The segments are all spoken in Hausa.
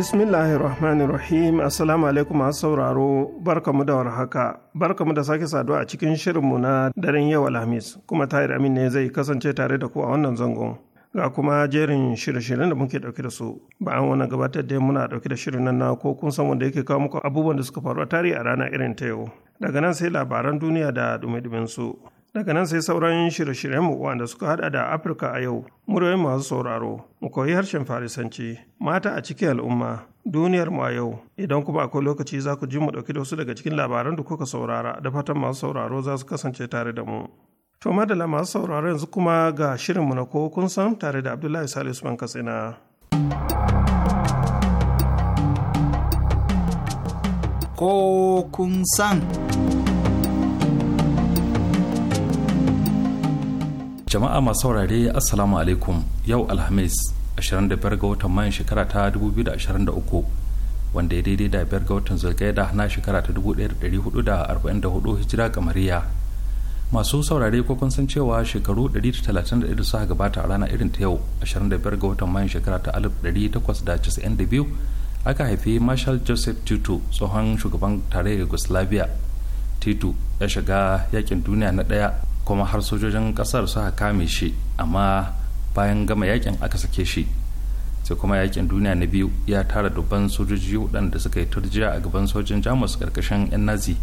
Bismillahirrahmanirrahim Assalamu alaikum masu sauraro barkamu da warhaka mu da sake saduwa a cikin shirin mu na daren yau Alhamis kuma Tahir Amin ne zai kasance tare da ku a wannan zangon ga kuma jerin shirye-shiryen da muke dauke da su bayan wannan gabatar da muna dauke da shirin nan na ko kun san wanda yake kawo muku abubuwan da suka faru a tarihi a rana irin ta yau daga nan sai labaran duniya da dumi-dumin su Daga nan sai sauran shirye-shiryenmu shiryen wanda suka hada da Afirka a yau, muryoyin masu sauraro, mu koyi harshen Farisanci, mata a cikin al'umma, duniyar mu a yau, idan kuma akwai lokaci za ku ji mu ɗauki da wasu daga cikin labaran da kuka saurara da fatan masu sauraro za su kasance tare da mu. To madala masu sauraro yanzu kuma ga shirin mu na ko kun san tare da Abdullahi Salisu Usman Katsina. Ko kun san. jama'a masu saurare assalamu alaikum yau alhamis 25 ga watan mayan shekara ta 2023 wanda ya daidai da biyar ga watan da na shekara ta 1444 hijira kamariya masu saurare ko kun san cewa shekaru 131 da suka gabata a rana irin ta yau 25 ga watan mayan shekara ta 1892 aka haifi marshal joseph tito tsohon shugaban tarayyar yugoslavia tito ya shiga yakin duniya na daya kuma har sojojin kasar suka kame shi amma bayan gama yakin aka sake shi sai kuma yakin duniya na biyu ya tara dubban sojoji waɗanda suka yi turjiya a gaban sojin jamus karkashin 'yan nazi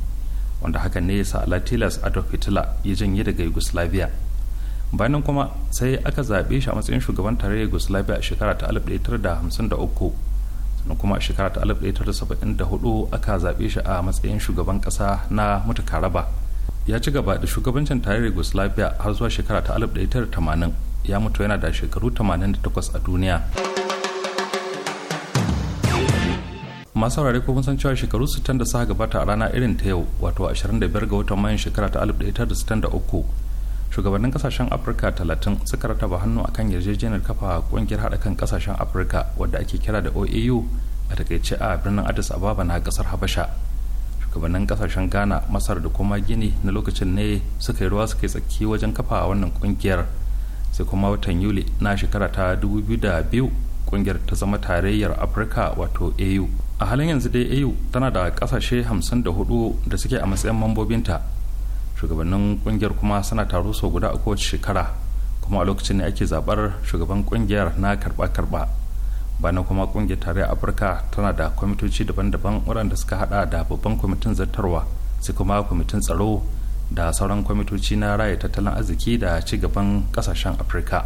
wanda hakan ne ya sa alatilas adolf hitler ya janye daga yugoslavia bayan kuma sai aka zaɓe shi a matsayin shugaban tarayyar yugoslavia a shekara ta 1953 sannan kuma a shekara ta 1974 aka zaɓe shi a matsayin shugaban ƙasa na mutu raba. ya ci gaba da shugabancin tarayyar yugoslavia har zuwa shekara ta 1980 ya mutu yana da shekaru 88 a duniya masu saurare kuma san cewa shekaru 60 da suka gabata a rana irin ta yau wato 25 ga watan mayan shekara ta 1963 shugabannin kasashen afirka 30 suka rataba hannu akan yarjejeniyar kafa kungiyar hada kan kasashen afirka wadda ake kira da oau a takaice a birnin addis ababa na kasar habasha shugabannin kasashen ghana masar da kuma gini na lokacin ne suka yi ruwa suka yi tsaki wajen kafa a wannan kungiyar sai kuma watan yuli na shekara ta 2002 kungiyar ta zama tarayyar afirka wato au a halin yanzu dai au tana da kasashe 54 da suke a matsayin mambobinta shugabannin kungiyar kuma suna taro sau guda a kowace shekara kuma a lokacin ne ake zabar shugaban kungiyar na karba-karba bana kuma kungiyar tarayyar afirka tana da kwamitoci daban-daban waɗanda suka hada da babban kwamitin zartarwa sai kuma kwamitin tsaro da sauran kwamitoci na raya tattalin arziki da ci gaban kasashen afirka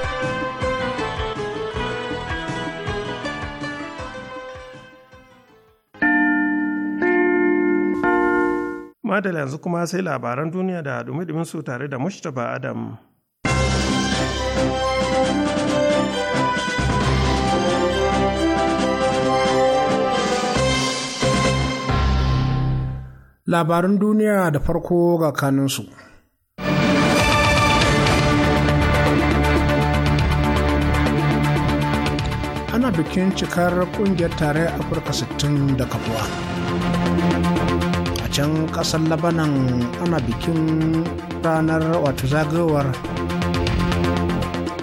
da yanzu kuma sai labaran duniya da dumi su tare da Mustapha Adam. Labaran duniya da farko ga kaninsu. Ana bikin cikar kungiyar tarayyar Afirka 60 da kafuwa. can kasar labanan ana bikin ranar wato zagayowar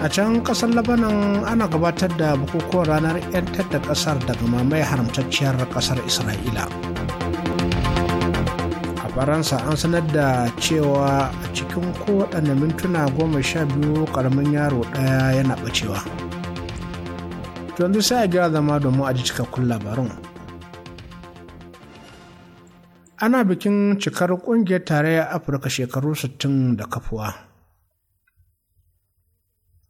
a can kasar labanan ana gabatar da bukukuwan ranar 'yantar da kasar daga mamaye haramtacciyar kasar isra'ila a faransa an sanar da cewa a cikin kowaɗanne mintuna goma sha biyu ƙaramin yaro ɗaya yana ɓacewa yanzu sai a gyara zama domin a ji cikakkun labarin ana bikin cikar ƙungiyar tarayyar afirka shekaru 60 da kafuwa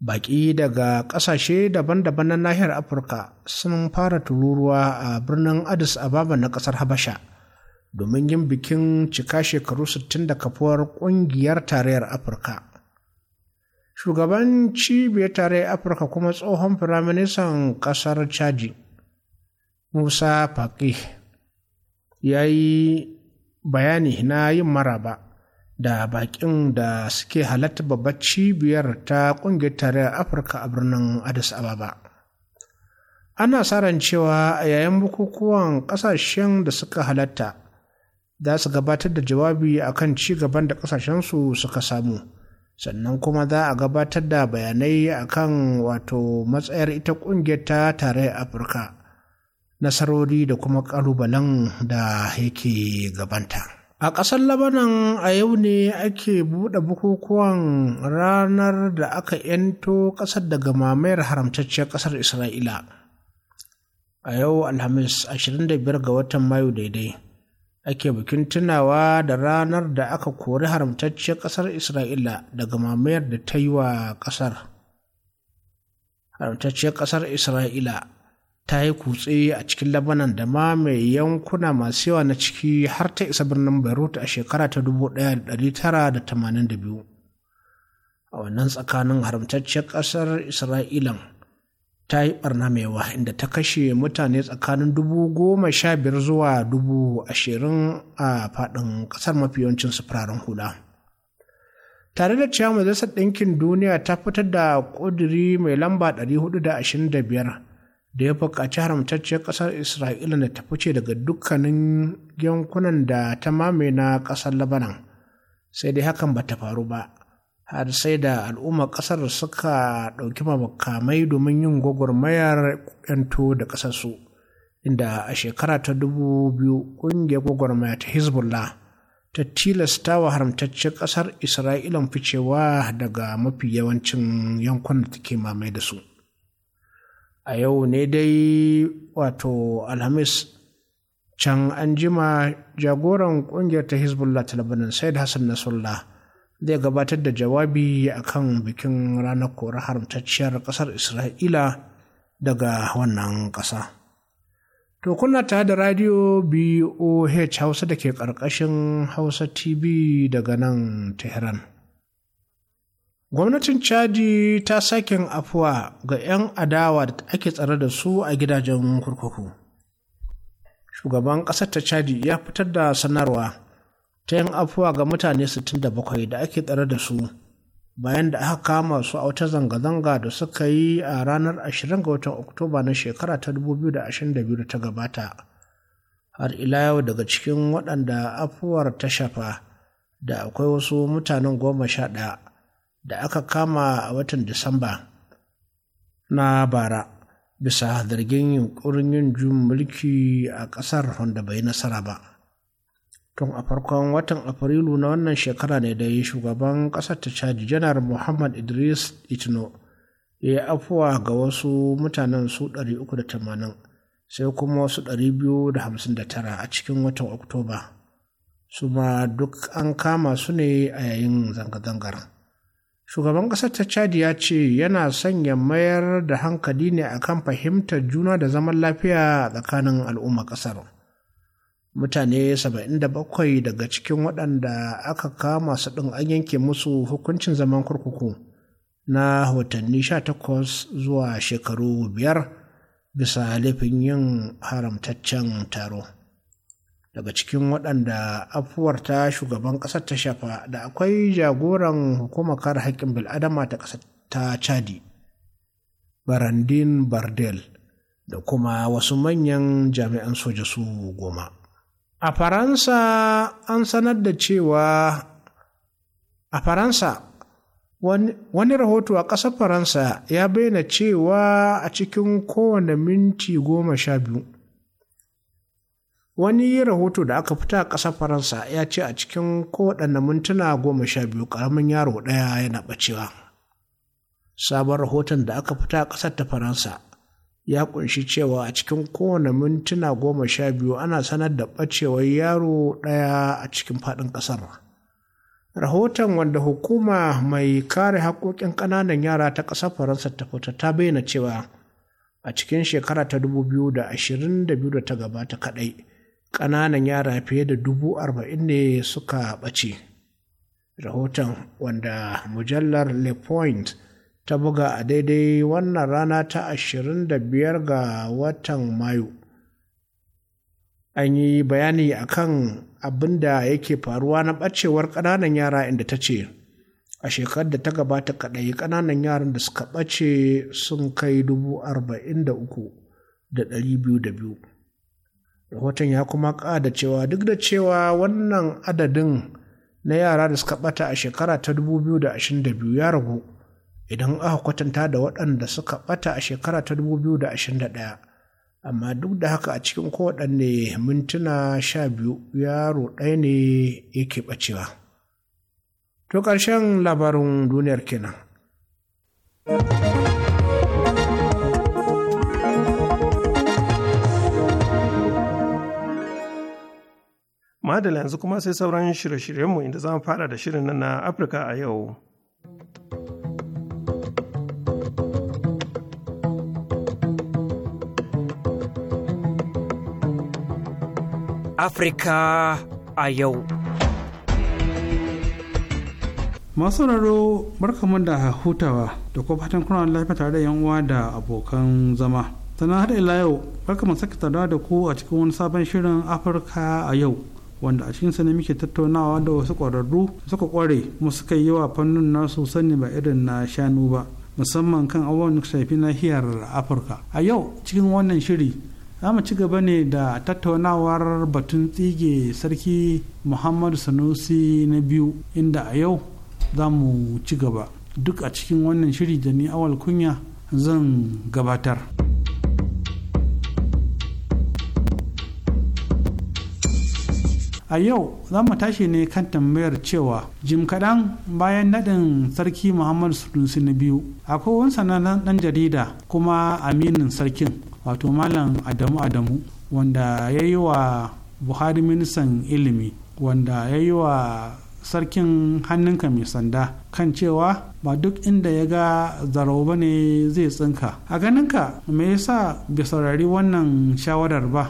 baƙi daga ƙasashe daban-daban na nahiyar afirka sun fara tururuwa a birnin addis ababa na ƙasar habasha domin yin bikin cika shekaru 60 da kafuwar ƙungiyar tarayyar afirka shugaban cibiyar tarayyar afirka kuma tsohon firaministan ƙasar chadi musa Faki ya yi bayani na yin maraba da bakin da suke halatta babbar cibiyar ta kungiyar tarayyar afirka a birnin addis ababa ana sa ran cewa a yayin bukukuwan ƙasashen da suka halatta za su gabatar da jawabi akan ci gaban da ƙasashensu suka samu sannan kuma za a gabatar da bayanai a kan wato matsayar ita kungiyar ta tarayyar afirka nasarori da kuma ƙalubalen da yake gabanta. A ƙasar Labanan a yau ne ake buɗe bukukuwan ranar da aka ‘yanto ƙasar daga mamayar haramtacciyar ƙasar Isra'ila. A yau Alhamis 25 ga watan Mayu daidai, ake bikin tunawa da ranar da aka kori haramtacciyar ƙasar Isra'ila daga mamayar da ta yi wa ƙasar. Haramtacciyar ƙasar Isra'ila ta yi kutse a cikin labanan da ma mai yankuna masu yawa na ciki har ta isa birnin beirut a shekara ta 1982 a wannan tsakanin haramtacciyar ƙasar isra'ilan ta yi barna mai yawa inda ta kashe mutane tsakanin dubu goma zuwa dubu a faɗin ƙasar mafi yawancin sufurarin hula tare da cewa majalisar ɗinkin duniya ta fitar da ƙudiri mai lamba 425 da ya ci haramtacciyar ƙasar isra'ila da ta fice daga dukkanin yankunan da ta mame na ƙasar labanan sai dai hakan ba ta faru ba har sai da al'ummar ƙasar suka ɗauki makamai domin yin gwagwarmayar 'yanto da ƙasarsu inda a shekara ta dubu biyu ƙungiyar gwagwarmaya ta hezbollah ta tilasta wa haramtaccen ƙasar isra'ilan ficewa daga mafi yawancin yankunan da take mamaye da su a yau ne dai wato alhamis can an jima jagoran kungiyar ta hezbollah ta labanin said hassan nasrullah zai gabatar da jawabi a kan bikin ranar kora haramtacciyar kasar isra'ila daga wannan ƙasa. To kuna ta da radio BOH Hausa da ke ƙarƙashin Hausa TV daga nan Tehran. Gwamnatin Chadi ta sakin afuwa ga 'yan adawa da ake tsare da su a gidajen kurkuku. Shugaban ƙasar ta Chadi ya fitar da sanarwa ta yin afuwa ga mutane 67 da ake tsare da su bayan da aka kama su a wata zanga-zanga da suka yi a ranar 20 ga watan Oktoba na shekara ta 2022 ta gabata. Har ila yau daga cikin waɗanda afuwar ta shafa da akwai wasu mutanen goma sha ɗaya da aka kama a watan Disamba na bara bisa zargin yunkurin yin jun mulki a ƙasar wanda bai nasara ba. Tun a farkon watan Afrilu na wannan shekara ne da ya shugaban ƙasar ta caji janar Muhammad Idris Itno ya yi afuwa ga wasu mutanen su 380 sai kuma wasu 259 a cikin watan Oktoba. su ma duk an kama su ne a yayin zanga-zangar. shugaban ƙasar ta chad ya ce yana sanya mayar da hankali ne akan fahimtar juna da zaman lafiya a tsakanin al'umma ƙasar mutane 77 daga cikin waɗanda aka kama su ɗin an yanke musu hukuncin zaman kurkuku na watanni 18 zuwa shekaru biyar bisa laifin yin haramtaccen taro daga cikin waɗanda afuwar ta shugaban ƙasar ta shafa da akwai jagoran hukumar kare haƙƙin bil'adama ta ƙasar ta chadi barandin bardel da kuma wasu manyan jami'an soja su goma a faransa an sanar da cewa a faransa Wani rahoto a ƙasar Faransa ya bayyana cewa a cikin kowane minti goma sha biyu wani rahoto da aka fita a ƙasar faransa ya ce a cikin kowaɗanne mintuna goma sha biyu ƙaramin yaro ɗaya yana ɓacewa sabon rahoton da aka fita a ƙasar ta faransa ya ƙunshi cewa a cikin kowane mintuna goma sha biyu ana sanar da ɓacewar yaro ɗaya a cikin faɗin ƙasar rahoton wanda hukuma mai kare haƙoƙin ƙananan yara ta ƙasar faransa ta fita ta bayyana cewa a cikin shekara ta biyu da ta gabata kaɗai ƙananan yara fiye da dubu arba'in ne suka ɓace rahoton wanda mujallar le point ta buga a daidai wannan rana ta ashirin da biyar ga watan mayu an yi bayani a kan abin da yake faruwa na ɓacewar ƙananan yara inda ta ce a shekarar da ta gabata kaɗai ƙananan yaran da suka ɓace sun kai dubu arba'in da uku da ɗari biyu da biyu rahoton ya kuma ƙada cewa duk da cewa wannan adadin na yara da suka ɓata a shekara ta 2022 ya ragu idan aka kwatanta da waɗanda suka ɓata a shekara ta 2021 amma duk da haka a cikin kowaɗanne mintuna sha biyu yaro ɗaya ne yake ɓacewa to ƙarshen labarin duniyar kenan. madala yanzu kuma sai sauran shirye-shiryenmu inda za mu fara da shirin nan na afirka a yau afirka a yau masu raro barkamun da hutawa da kuma fatan kuna lafiya tare da yan uwa da abokan zama sannan haɗa ila yau sake saka da ku a cikin wani sabon shirin afirka a yau wanda a cikinsa ne muke tattaunawa da wasu ƙwararru suka ƙware kuma suka yi wa fannin nasu sani ba irin na shanu ba musamman kan abubuwan da shafi nahiyar afirka a yau cikin wannan shiri za mu ci gaba ne da tattaunawar batun tsige sarki muhammadu sanusi na biyu inda a yau za mu ci gaba duk a cikin wannan shiri da ni awal kunya zan gabatar. a yau za mu tashi ne kan tambayar cewa jim kaɗan bayan naɗin sarki muhammadu sunusi na biyu akwai wani sanannen ɗan jarida kuma aminin sarkin wato malam adamu adamu wanda ya yi wa buhari ministan ilimi wanda ya yi wa sarkin hannunka mai sanda kan cewa ba duk inda ya ga zarau ba ne zai tsinka a ganinka me sa bai saurari wannan shawarar ba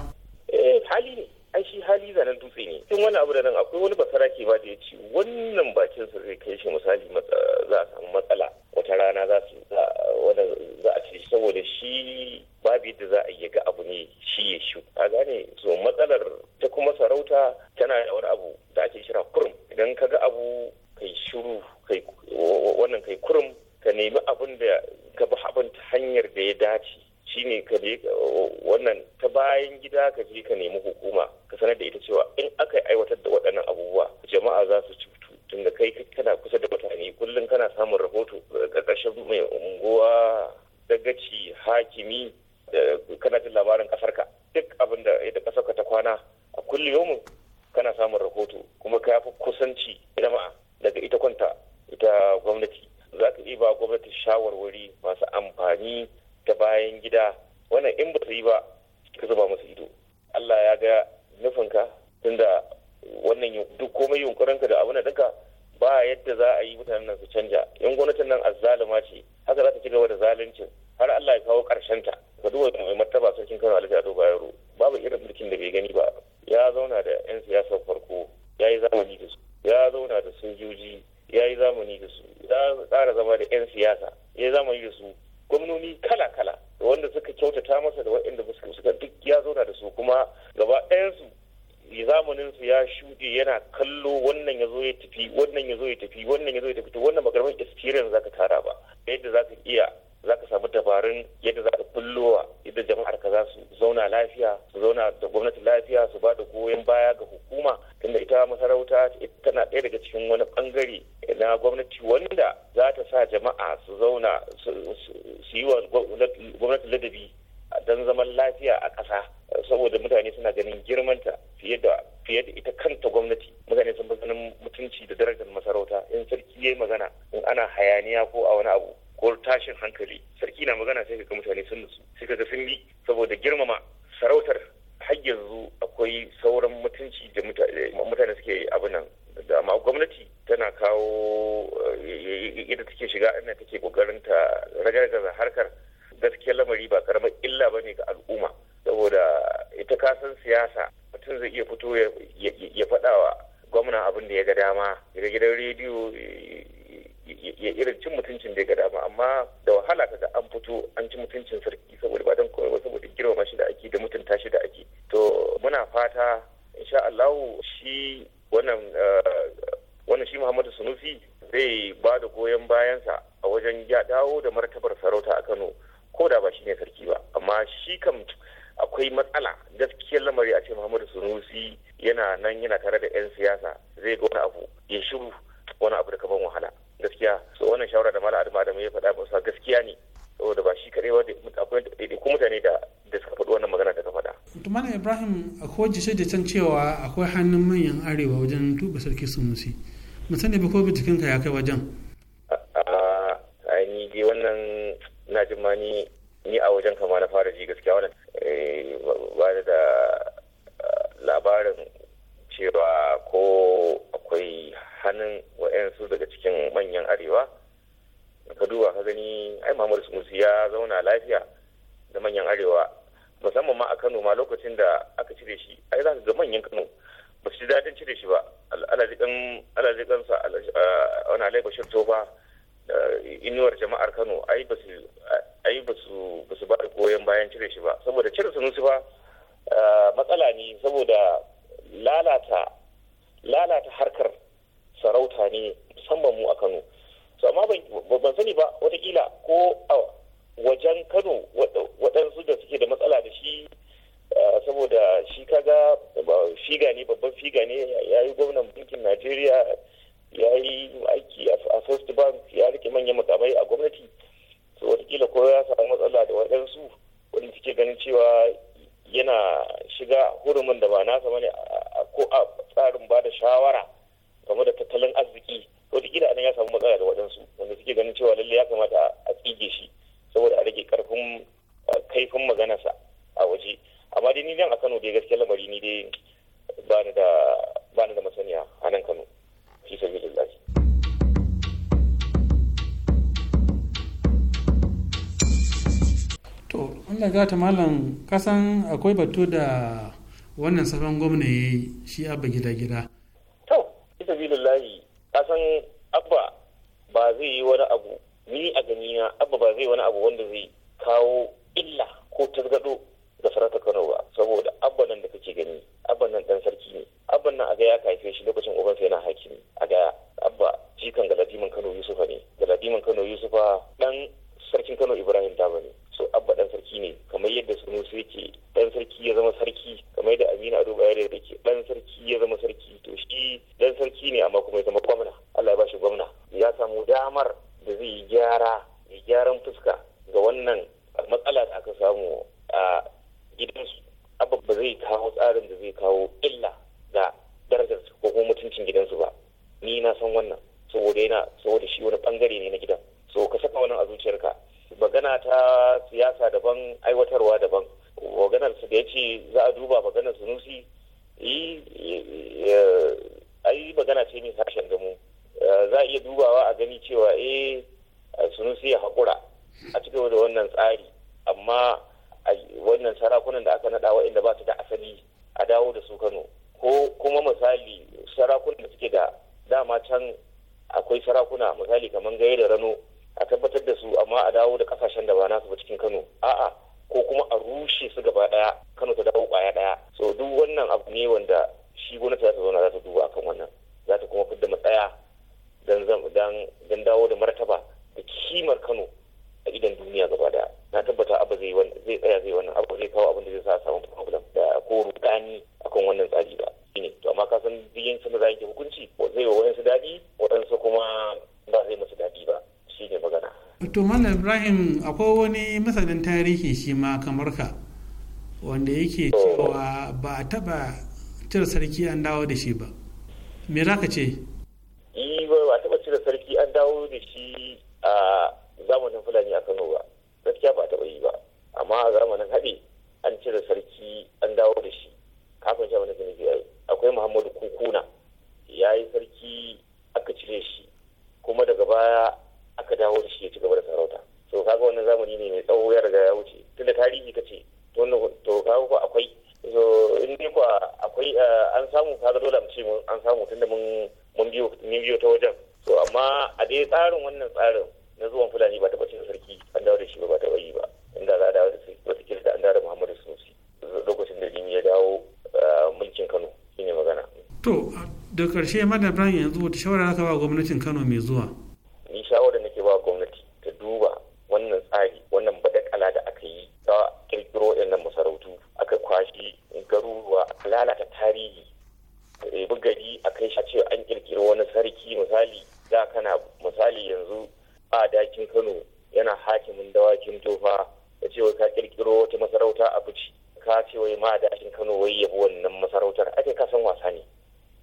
cikin wani abu da nan akwai wani basaraki ba da ya ci. wannan bakin su zai kai shi misali za a samu matsala wata rana za su za a ci saboda shi babu yadda za a yi ga abu ne shi ya shi a gane so matsalar ta kuma sarauta tana da wani abu da ake kira kurum idan ka ga abu kai shiru kai wannan kai kurum ka nemi abin da ka bi abin ta hanyar da ya dace shine ka je wannan ta bayan gida ka je ka nemi hukuma ka sanar da ita cewa in aka aiwatar da waɗannan abubuwa jama'a za su cutu tunda kai kana kusa da mutane kullum kana samun rahoto ƙarƙashin mai unguwa dagaci hakimi kana jin labarin ƙasarka duk abin da ita ƙasarka ta kwana a kullum kana samun rahoto kuma ka fi kusanci jama'a daga ita kwanta ita gwamnati za ka iya ba gwamnati shawarwari masu amfani ta bayan gida wannan in ba su yi ba ka zuba musu ido Allah ya ga nufinka tunda wannan duk komai yunkurinka da abin da ba yadda za a yi mutanen nan su canja yan gwamnatin nan azzaluma ce haka za ta ci gaba da zaluncin har Allah ya kawo karshen ta ka duba mai martaba sarkin Kano Alhaji Ado Bayero babu irin mulkin da bai gani ba ya zauna da yan siyasar farko ya yi zamani da su ya zauna da sojoji ya yi zamani da su ya tsara zama da yan siyasa ya yi zamani da su gwamnoni kala-kala da wanda suka kyautata masa da waɗanda suka duk ya zauna da su kuma gaba ɗayansu zamaninsu ya shuɗe yana kallo wannan ya zo ya tafi wannan ya zo ya tafi wannan ya zo ya tafi to wannan magarman experience ka tara ba yadda za ka iya za ka samu dabarun yadda za ka bullowa idan jama'ar ka za su zauna lafiya su zauna da gwamnati lafiya su ba da goyon baya ga hukuma tunda ita masarauta tana ɗaya daga cikin wani bangare na gwamnati wanda za ta sa jama'a su zauna su yi wa gwamnati ladabi don zaman lafiya a ƙasa saboda mutane suna ganin girmanta fiye da fiye da ita kanta gwamnati mutane sun fi ganin mutunci da darajar masarauta in sarki ya magana in ana hayaniya ko a wani abu ko tashin hankali sarki na magana sai ga mutane sun nutsu sai ga sun bi saboda girmama sarautar har yanzu akwai sauran mutunci da mutane suke abin nan da amma gwamnati tana kawo eh, yadda take shiga ina take kokarin ta ragargaza harkar gaskiyar lamari ba karamar illa ba ne ga al'umma saboda ita kasan siyasa mutum zai iya fito ya faɗa wa gwamna abin da ya ga dama daga gidan rediyo eh, ya irin cin mutuncin da ya ga dama amma da wahala ga an fito an ci mutuncin sarki saboda ba don kawai saboda girma shi da ake da mutunta shi da ake to muna fata insha Allah shi wannan eh, wannan shi Muhammadu Sunusi zai ba da goyon bayansa a wajen ya dawo da martabar sarauta a Kano ko da ba shi ne sarki ba amma shi kam akwai matsala gaskiyar lamari a ce Muhammadu Sunusi yana nan yana tare da 'yan siyasa zai ga wani abu ya shiru wani abu da kaban wahala gaskiya so wannan shawara da malam adamu ya faɗa ba gaskiya ne saboda ba shi kaɗai ba akwai kuma mutane da da suka faɗi wannan magana da ka faɗa. Tumana Ibrahim akwai jishe da can cewa akwai hannun manyan arewa wajen tuba sarki Sunusi. Mun sani ba ko bincikin ka ya kai wajen. A ni dai wannan na jin ma ni a wajen kama na fara ji gaskiya wannan eh, ba da labarin cewa ko akwai hannun wa'yansu daga cikin manyan arewa ka duba ka gani ai muhammadu sunusi ya zauna lafiya da manyan arewa musamman ma a kano ma lokacin da aka cire shi ai za su ga manyan kano ba su ji daɗin cire shi ba alazikansa wani alai bashir tofa uh, inuwar jama'ar kano ai ba su ba da goyon bayan cire shi ba saboda cire sunusi ba uh, matsala ne saboda lalata lalata harkar sarauta ne musamman mu a kano su amma ban sani ba watakila ko a wajen kano waɗansu da suke da matsala da shi eh, saboda shi kaga figa ne babban figa ne ya yi gwamnan bankin najeriya ya yi aiki a first bank ya rike manyan makamai a gwamnati su watakila ko ya samu matsala da waɗansu wadanda suke ganin cewa yana shiga hurumin da ba nasa bane ko a tsarin ba da shawara game da tattalin arziki wataƙila anan ya samu matsala da waɗansu wanda suke ganin cewa lalle ya kamata a tsige shi saboda a rage karfin kaifin maganarsa a waje amma dai ni nan a kano dai gaskiya lamari ni dai bani da da masaniya a nan kano fi sabilillah to Allah ta malam kasan akwai batu da wannan sabon gwamna ya yi shi abba gida-gida sabilillahi kasan abba ba zai yi wani abu ni a ganina abba ba zai wani abu wanda zai kawo illa ko tasgado da sarauta kano ba saboda abba nan da kake gani abba nan dan sarki ne abba nan a ga ya kaife shi lokacin akwai wani masanin tarihi shi ma kamar ka wanda yake cewa ba a taba cire sarki an dawo da shi ba me za ka ce ba a taba cire sarki an dawo da shi a zamanin fulani a kano ba gaskiya ba a taba yi ba amma a zamanin haɗe an cire sarki an dawo da shi kafin shi wani zanibi akwai muhammadu kukuna ya yi sarki aka cire shi kuma daga baya aka dawo da shi ya ci gaba da sarauta so kaga wannan zamani ne mai tsawo ya riga ya wuce tunda tarihi ka ce to kaga ko akwai so in dai ko akwai eh, an samu kaga dole mu ce an samu tunda mun mun biyo mun biyo ta wajen so amma a dai tsarin wannan tsarin na zuwan fulani ba taɓa cin sarki an dawo da shi ba ba taɓa yi ba inda za a dawo da sarki wata da an dawo da muhammadu sunusi lokacin da jini ya dawo eh, mulkin kano shine magana. to da karshe madam yanzu wata shawara aka ba gwamnatin kano mai zuwa. ni shawara lalata tarihi ya eh, gari a kai shi ce an kirkiri wani sarki misali da kana misali yanzu a dakin kano yana hakimin dawakin tofa da cewa ka kirkiro wata masarauta a fici ka ce wai ma dakin kano wai yabi wannan masarautar ake ka san wasa ne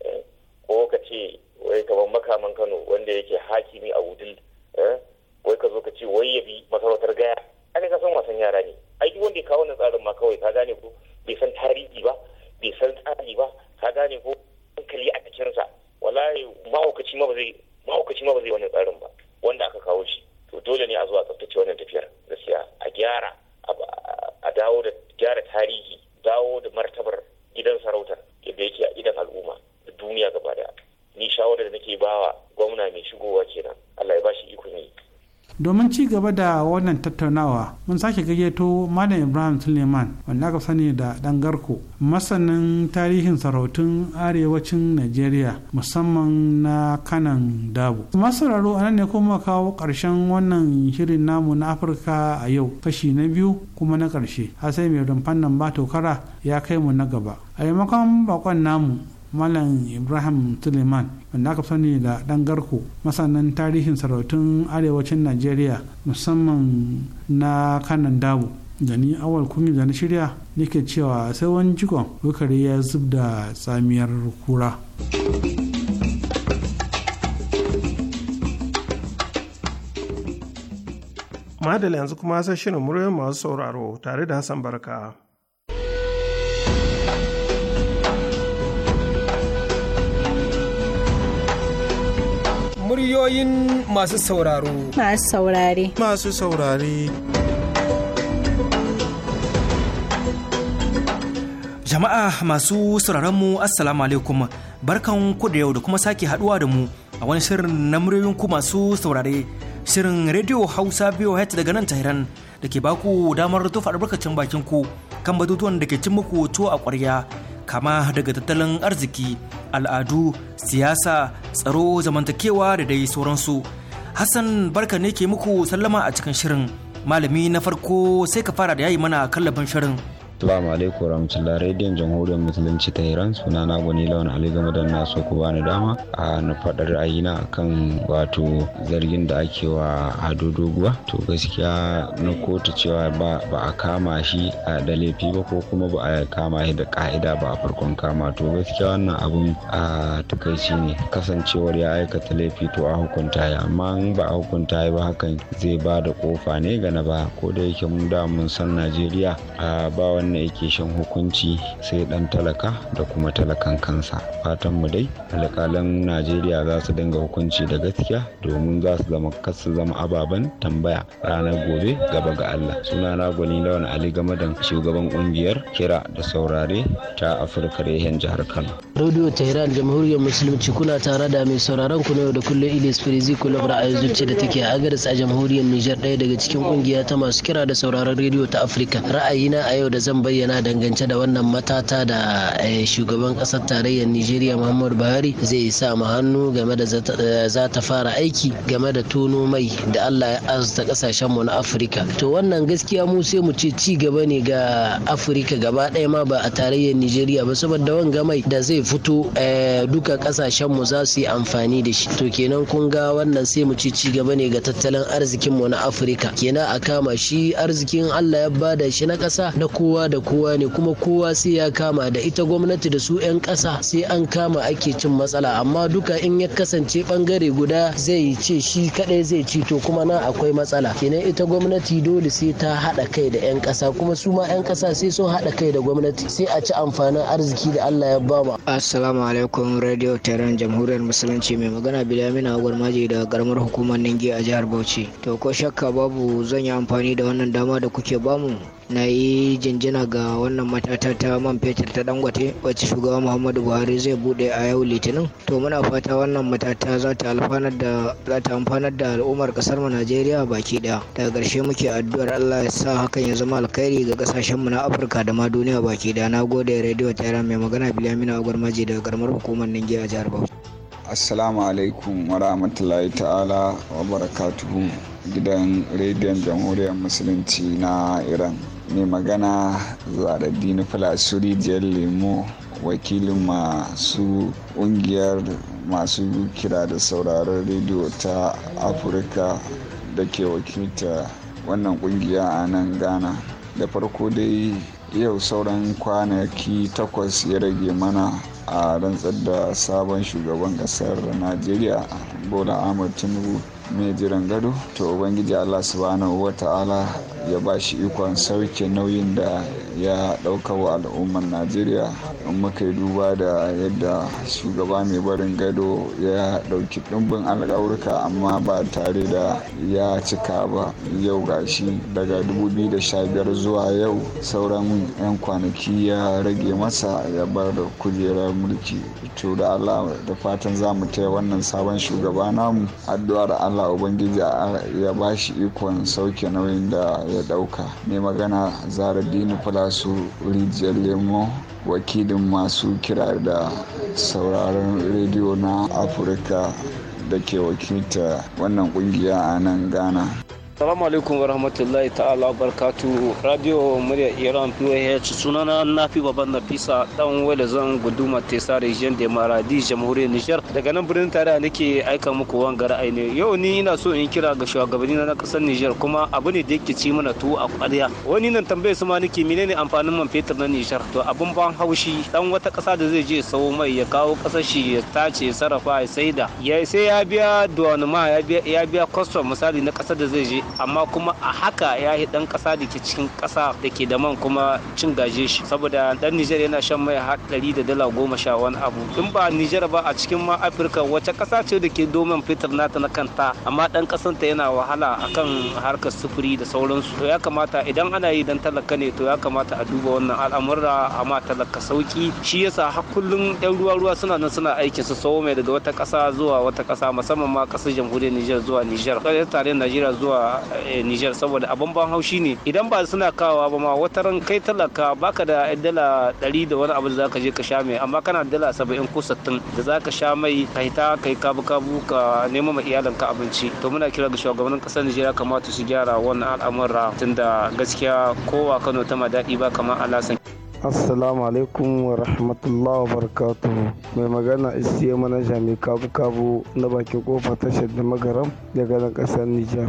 eh, ko ka ce wai kaman makaman kano wanda yake hakimi a wudil eh, wai ka zo ka ce wai yabi masarautar gaya ake ka san wasan yara ne ai duk wanda ya kawo wannan tsarin ma kawai ka gane ko bai san tarihi ba bai san tsari ba ka gane ko hankali a cikinsa wallahi mahaukaci ma ba zai mahaukaci ma ba zai wani tsarin ba wanda aka kawo shi to dole ne a zo a tsaftace wannan tafiyar gaskiya a gyara a dawo da gyara tarihi dawo da martabar gidan sarautar yadda yake a gidan al'umma da duniya gaba daya ni shawarar da nake bawa gwamna mai shigowa kenan Allah ya bashi ikon yi domin ci gaba da wannan tattaunawa mun sake gayyato malam ibrahim suleiman wanda aka sani da dan garko masanin tarihin sarautun arewacin nigeria musamman na kanan dabu masararo a anan ne kuma kawo karshen wannan shirin namu na afirka a yau kashi na biyu kuma na karshe har sai mai rumfan nan ba tokara ya kai mu na gaba a maimakon bakon namu malam ibrahim suleiman wanda aka sani da ɗan garko masanan tarihin sarautun arewacin najeriya musamman na kanan dabu da ni awal kunyi da na shirya nake cewa sai wani jikon wukari ya zub da tsamiyar kura madala yanzu kuma sai shirin muryoyin masu sauraro tare da hassan barka muryoyin masu sauraro masu saurare masu saurare jama'a masu sauraronmu assalamu alaikum barkan ku da yau da kuma sake haduwa da mu a wani shirin na muryoyin ku masu saurare shirin radio hausa biyu daga nan tehran da ke baku damar tufa albarkacin bakin ku kan batutuwan da ke cin muku tuwo a kwarya. kama daga tattalin arziki al'adu siyasa tsaro zamantakewa da dai sauransu hassan barka ne ke muku sallama a cikin shirin malami na farko sai ka fara da yayi mana kallafin shirin Assalamu alaikum warahmatullahi Rediyon jamhuriyar musulunci ta Iran suna na gwani launin Ali game da na so ku bani dama a na faɗar ra'ayina kan wato zargin da ake wa Ado Doguwa to gaskiya na kotu cewa ba a kama shi a da laifi ba ko kuma ba a kama shi da ka'ida ba a farkon kama to gaskiya wannan abun a takaici ne kasancewar ya aikata laifi to a hukunta ya amma in ba a hukunta ya ba hakan zai ba da kofa ne ga na ba ko da yake mun da mun san Najeriya ba wani wanda yake shan hukunci sai dan talaka da kuma talakan kansa fatan mu dai alƙalan najeriya za su dinga hukunci da gaskiya domin za su zama kasu zama ababen tambaya ranar gobe gaba ga allah suna na gwani lawan ali gamadan shugaban kungiyar kira da saurare ta afirka rehen jihar kano radio tehran jamhuriyar musulunci kuna tare da mai sauraron ku yau da kullum ilis firizi kulab ra'ayin zuciya da take a agaris a jamhuriyar nijar ɗaya daga cikin kungiya ta masu kira da sauraron rediyo ta afirka ra'ayina a yau da zama zan bayyana dangance da wannan matata da eh, shugaban kasar tarayyar Nijeriya Muhammadu Buhari zai sa mu hannu game da eh, za ta fara aiki game da tono mai da Allah ya arzuta kasashen mu na Afirka. To wannan gaskiya mu sai mu ce ci gaba ne ga Afirka gaba ɗaya ma ba a tarayyar Nijeriya ba saboda wanga mai da zai fito eh, duka kasashen mu za su yi amfani da shi. To kenan kun ga wannan sai mu ce ci gaba ne ga tattalin arzikin mu na Afirka. Kenan a kama shi arzikin Allah ya bada shi na ƙasa na kowa da kowa ne kuma kowa sai ya kama da ita gwamnati da su 'yan ƙasa sai an kama ake cin matsala amma duka in ya kasance bangare guda zai ce shi kadai zai ci to kuma nan akwai matsala kenan ita gwamnati dole sai ta haɗa kai da 'yan ƙasa kuma su ma 'yan ƙasa sai sun haɗa kai da gwamnati sai a ci amfanin arziki da Allah ya ba mu assalamu alaikum radio taron jamhuriyar musulunci mai magana bilamina gwarmaji da garmar hukumar ningi a jihar bauchi to ko shakka babu zan yi amfani da wannan dama da kuke bamu na yi jinjina magana ga wannan matata ta man fetur ta dangote wacce shugaba muhammadu buhari zai bude a yau litinin to muna fata wannan matata za ta alfanar da za ta amfanar da al'ummar kasar mu najeriya baki daya daga ƙarshe muke addu'ar allah ya sa hakan ya zama alkhairi ga kasashen mu na afirka da ma duniya baki daya na gode rediyo tara mai magana bilamina maji daga garmar hukumar ningiya a jihar bauchi assalamu alaikum wa rahmatullahi ta'ala wa barakatuhu gidan rediyon jamhuriyar musulunci na iran mai magana dini filasuri jiyar lemo wakilin masu ƙungiyar masu kira da sauraron rediyo ta afirka da ke wakilta wannan ƙungiya a nan ghana da farko dai yau sauran kwanaki takwas ya rage mana a rantsar da sabon shugaban ƙasar najeriya bola ahmad tinubu mai jiran gado to ubangiji allah subhanahu wa ta'ala ya ba shi ikon sauke nauyin da ya ɗaukar wa al'ummar najeriya in muka yi duba da yadda shugaba mai barin gado ya dauki dimbin alƙawurka amma ba tare da ya cika ba yau gashi daga 2015 zuwa yau sauran 'yan kwanaki ya rage masa ya bar da kujerar mulki to da allah da fatan za mu taya wannan sabon shugaba namu addu'ar allah ubangiji ya bashi ikon sauke nauyin da ya dauka ne magana zara dini fula su rijiyar lemo wakilin masu kira da sauraron rediyo na afirka da ke wakilta wannan kungiya a nan ghana Salamu alaikum rahmatullahi ta'ala barkatu radio murya Iran POH sunana Nafi Baban Nafisa dan wale zan guduma tesa region de Maradi jamhuriyar Nijar daga nan birnin tare nake aika muku wanga ra'ayi yau ni ina so in kira ga shugabanni na kasar Nijar kuma abu ne da yake ci mana tuwo a kwaliya wani nan tambaye su ma nake menene amfanin man fetur na Nijar to abun ban haushi dan wata kasa da zai je sawo mai ya kawo kasar shi ya tace sarrafa ya saida ya sai ya biya duwanuma ya biya ya biya custom misali na kasar da zai je amma kuma a haka ya yi dan kasa da ke cikin kasa da ke da man kuma cin gaje shi saboda dan Nijar yana shan mai har ɗari da dala goma sha wani abu in ba Nijar ba a cikin ma Afirka wace kasa ce da ke domin fitar nata na kanta amma dan kasanta yana wahala akan harkar sufuri da sauransu to ya kamata idan ana yi dan talaka ne to ya kamata a duba wannan al'amura a ma talaka sauki shi yasa har kullum yan ruwa ruwa suna nan suna aikin su sawo mai daga wata kasa zuwa wata kasa musamman ma kasar jamhuriyar Nijar zuwa Nijar tare Najeriya zuwa Eh, Nijar saboda abin ban haushi ne idan ba suna kawa ba ma wata ran kai talaka baka da dala ɗari da wani abu da zaka je ka sha mai amma kana da dala saba'in ko sattin da zaka sha mai ka hita kai kabu kabu ka nemo ma ka abinci to muna kira ga shugabannin ƙasar Nijar kamata su gyara wannan al'amura tunda gaskiya kowa Kano ta ma daɗi ba kamar Alasan. Assalamu alaikum wa rahmatullahi wa barakatuhu. Mai magana isiye manaja mai kabu-kabu na bakin kofa tashar da magaram daga nan kasar Nijar.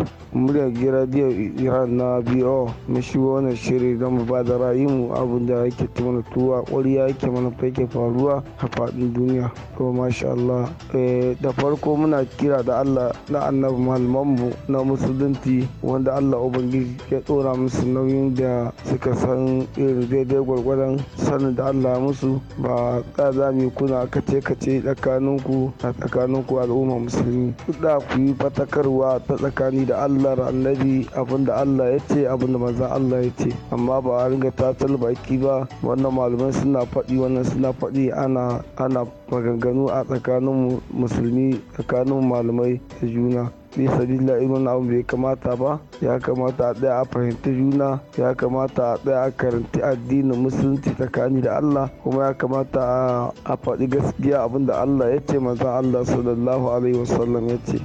gira biyar Iran na biyo mu shigo wannan shiri don mu ba da mu abin da yake ta tuwa ƙwarya yake mana yake faruwa a faɗin duniya. To masha Allah. Eh, da farko muna kira da Allah na annabi malamanmu na musulunci wanda Allah Ubangiji ya tsora musu nauyin da suka san irin daidai gwargwaro gwargwaron sanin da Allah musu ba za ƙazami kuna kace-kace tsakaninku a tsakaninku al'umma musulmi da ku yi fatakarwa ta tsakani da Allah annabi da Allah ya ce da manzan Allah ya ce amma ba a ringa tatal baki ba wannan malamai suna faɗi wannan suna faɗi ana ana maganganu a tsakanin musulmi tsakanin malamai da juna fi sabila irin abu bai kamata ba ya kamata a tsaya a fahimta juna ya kamata a tsaya a karanti addinin musulunci tsakani da Allah kuma ya kamata a faɗi gaskiya abinda Allah ya ce manzon Allah sallallahu alaihi wasallam ya ce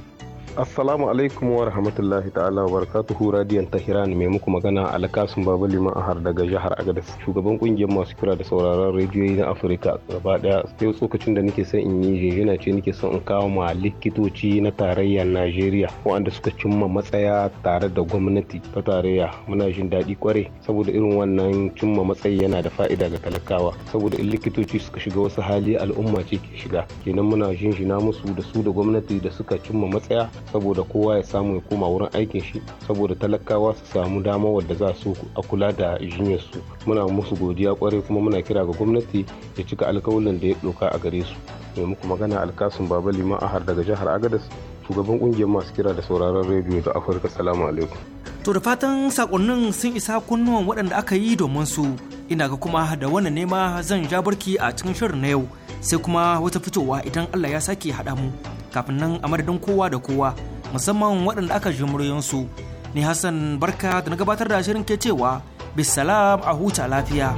Assalamu alaikum wa rahmatullahi ta'ala wa barakatuhu radiyan Tahiran mai muku magana alkasun Baba Liman Ahar daga jihar Agadez shugaban kungiyar masu kira da sauraron rediyoyi na Afirka gaba daya sai tsokacin da nake son in yi jejjina ce nake son in kawo ma likitoci na tarayyar Najeriya waɗanda suka cimma matsaya tare da gwamnati ta tarayya muna jin daɗi kware saboda irin wannan cimma matsayi yana da fa'ida ga talakawa saboda in likitoci suka shiga wasu hali al'umma ce ke shiga kenan muna jinjina musu da su da gwamnati da suka cimma matsaya saboda kowa ya samu ya koma wurin aikin shi saboda talakawa su samu dama wadda za su a kula da su muna musu godiya kwarai kuma muna kira ga gwamnati ya cika alkawalin da ya doka a gare su mai muku magana alkasun baba liman ahar daga jihar agadas shugaban kungiyar masu kira da sauraron rediyo da afirka salamu alaikum to da fatan sakonnin sun isa kunnuwan waɗanda aka yi domin su ina ga kuma da wannan nema zan ja barki a cikin shirin na yau sai kuma wata fitowa idan allah ya sake haɗa mu kafin nan a madadin kowa da kowa musamman waɗanda aka ji muryansu ni hassan barka da na gabatar da shirin ke cewa bisalam a huta lafiya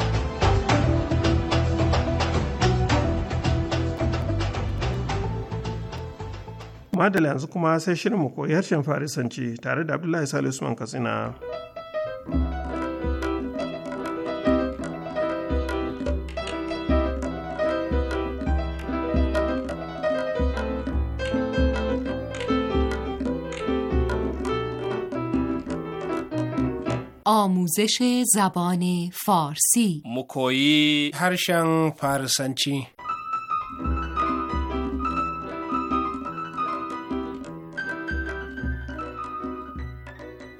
madala yanzu kuma sai shirin mu koyi harshen farisanci tare da abdullahi salisu katsina آموزش زبان فارسی مکویی هرشن فارسنچی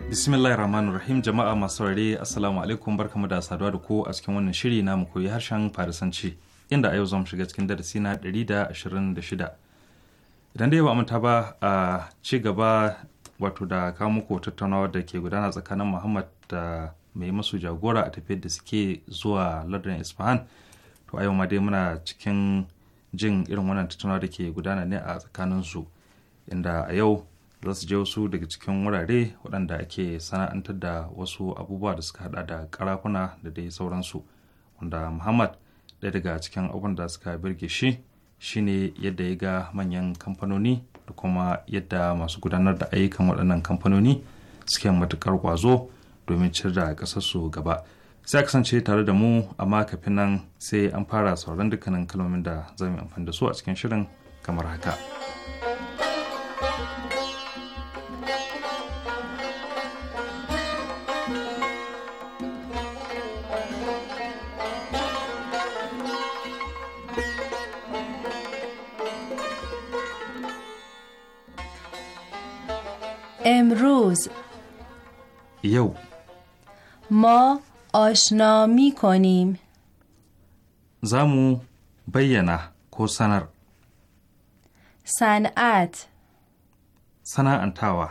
bismillahir rahmanir rahim jama'a masu saurare assalamu alaikum barkamu da saduwa da ku a cikin wannan shiri na mu koyi harshen farisanci inda a yau zamu shiga cikin darasi na 126 idan dai ba manta ba a ci gaba wato da kawo muku tattaunawa da ke gudana tsakanin muhammad da mai masu jagora a tafiyar da suke zuwa lardin isfahan to a ma dai muna cikin jin irin wannan tattaunawa da ke gudana ne a tsakaninsu inda a yau za su je wasu daga cikin wurare waɗanda ake sana'antar da wasu abubuwa da suka hada da karafuna da dai sauransu wanda muhammad ɗaya daga cikin abin da suka birge shi shine yadda ya ga manyan kamfanoni da kuma yadda masu gudanar da ayyukan waɗannan kamfanoni suke matuƙar kwazo domin cin da kasarsu gaba sai kasance tare da mu amma kafin nan sai an fara sauran dukkanin kalmomin da za mu amfani da su a cikin shirin kamar haka. امروز یو ما آشنا می کنیم زمو بینا کو سنر صنعت انتاوا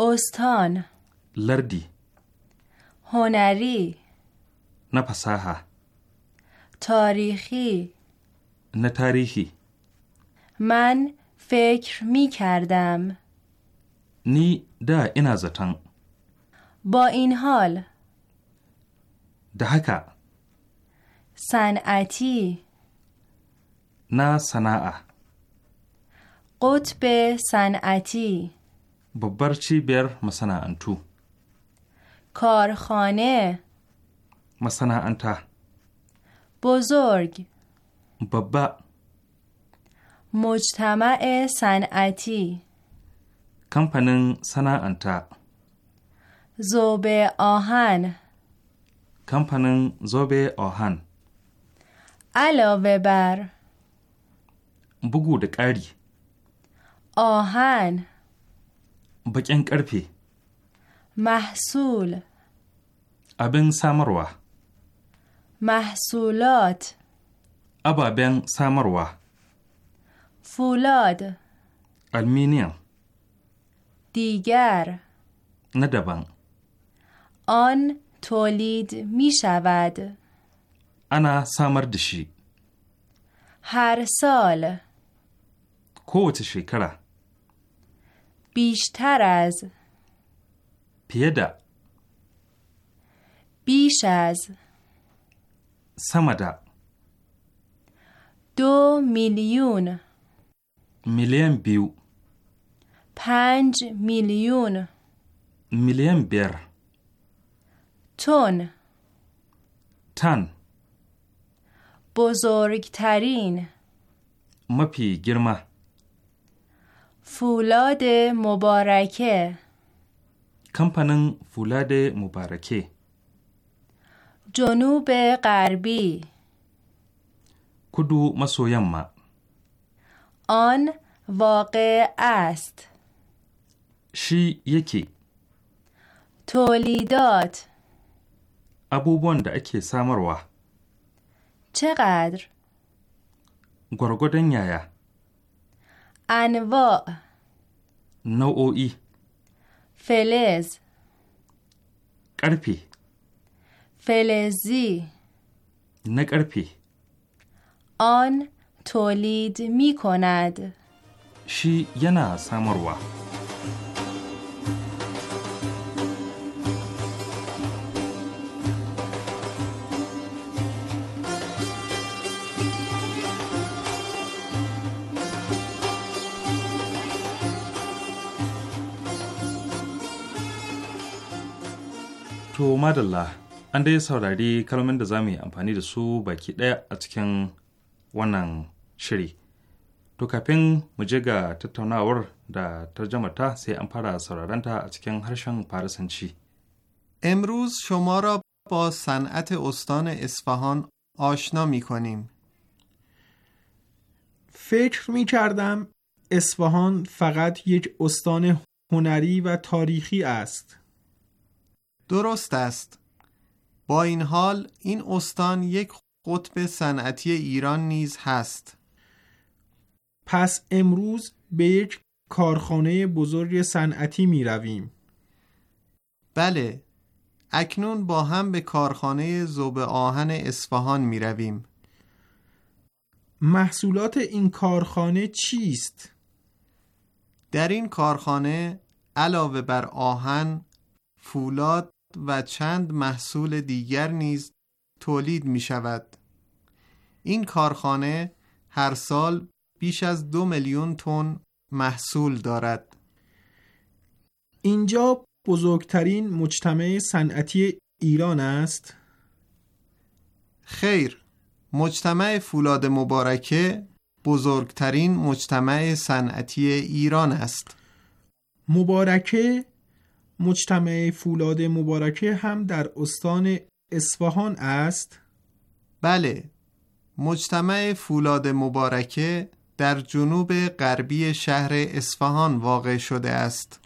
استان لردی هنری نه تاریخی نه تاریخی من فکر می کردم نی دا اینا زتن با این حال دهکا صنعتی نه صناعه قطب صنعتی babbar cibiyar masana'antu. Karkhane Masana'anta. Bozorg Babba. Mujtama'a san'ati. Kamfanin sana'anta. Zobe Ohan. Kamfanin Zobe Ohan. Alove bar. Bugu da ƙari. Ohan. Baƙin ƙarfe. Mahsul. Abin samarwa. Mahsulot. Ababen samarwa. Fulod. Alminiyan. Digar. Na daban. آن تولید می شود انا سامردشی هر سال کوت شکرا بیشتر از پیدا بیش از سمدا دو میلیون میلیون بیو پنج میلیون میلیون بیر. تون تن بزرگترین مپی گرمه فولاد مبارکه کمپنن فولاد مبارکه جنوب غربی کدو مسویم آن واقع است شی یکی تولیدات abubuwan da ake samarwa. چقدر؟ gwargwadon yaya. An'bo. Nau'o'i. Felez. Ƙarfe. Felezi. Na ƙarfe. On tolid mikonad. Shi yana samarwa. To madalla, an dai saurari kalmomin da za mu yi amfani da su baki ɗaya a cikin wannan shiri. To kafin mu je ga tattaunawar da tarjamata sai an fara sauraronta a cikin harshen Farisanci. Emruz shomara ba san'at ustan Isfahan اصفهان آشنا می کنیم. فکر می کردم اصفهان فقط یک استان هنری و تاریخی است. درست است با این حال این استان یک قطب صنعتی ایران نیز هست پس امروز به یک کارخانه بزرگ صنعتی می رویم بله اکنون با هم به کارخانه زوب آهن اصفهان می رویم محصولات این کارخانه چیست؟ در این کارخانه علاوه بر آهن فولاد و چند محصول دیگر نیز تولید می شود. این کارخانه هر سال بیش از دو میلیون تن محصول دارد. اینجا بزرگترین مجتمع صنعتی ایران است؟ خیر، مجتمع فولاد مبارکه بزرگترین مجتمع صنعتی ایران است. مبارکه مجتمع فولاد مبارکه هم در استان اصفهان است؟ بله مجتمع فولاد مبارکه در جنوب غربی شهر اصفهان واقع شده است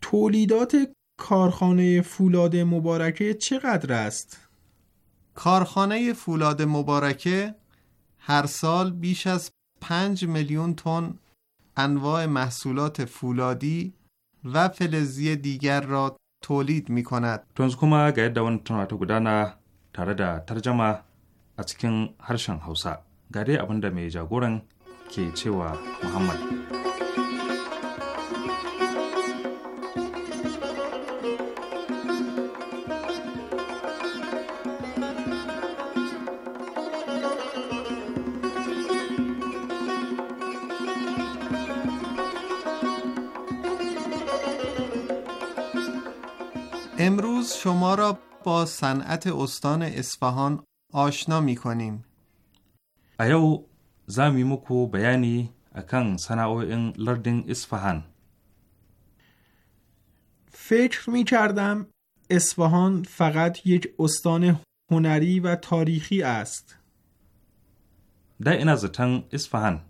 تولیدات کارخانه فولاد مبارکه چقدر است؟ کارخانه فولاد مبارکه هر سال بیش از 5 میلیون تن انواع محصولات فولادی و فلزی دیگر را تولید می کند. تونز کما گاید دوان تنوات گدانا تاردا ترجمه از کن هرشن حوصا گاره ابنده می جاگورن که چه و محمد. شما را با صنعت استان اصفهان آشنا می کنیم. ایو زمی مکو بیانی اکن این لردن اصفهان فکر می کردم اصفهان فقط یک استان هنری و تاریخی است. در این زتن اصفهان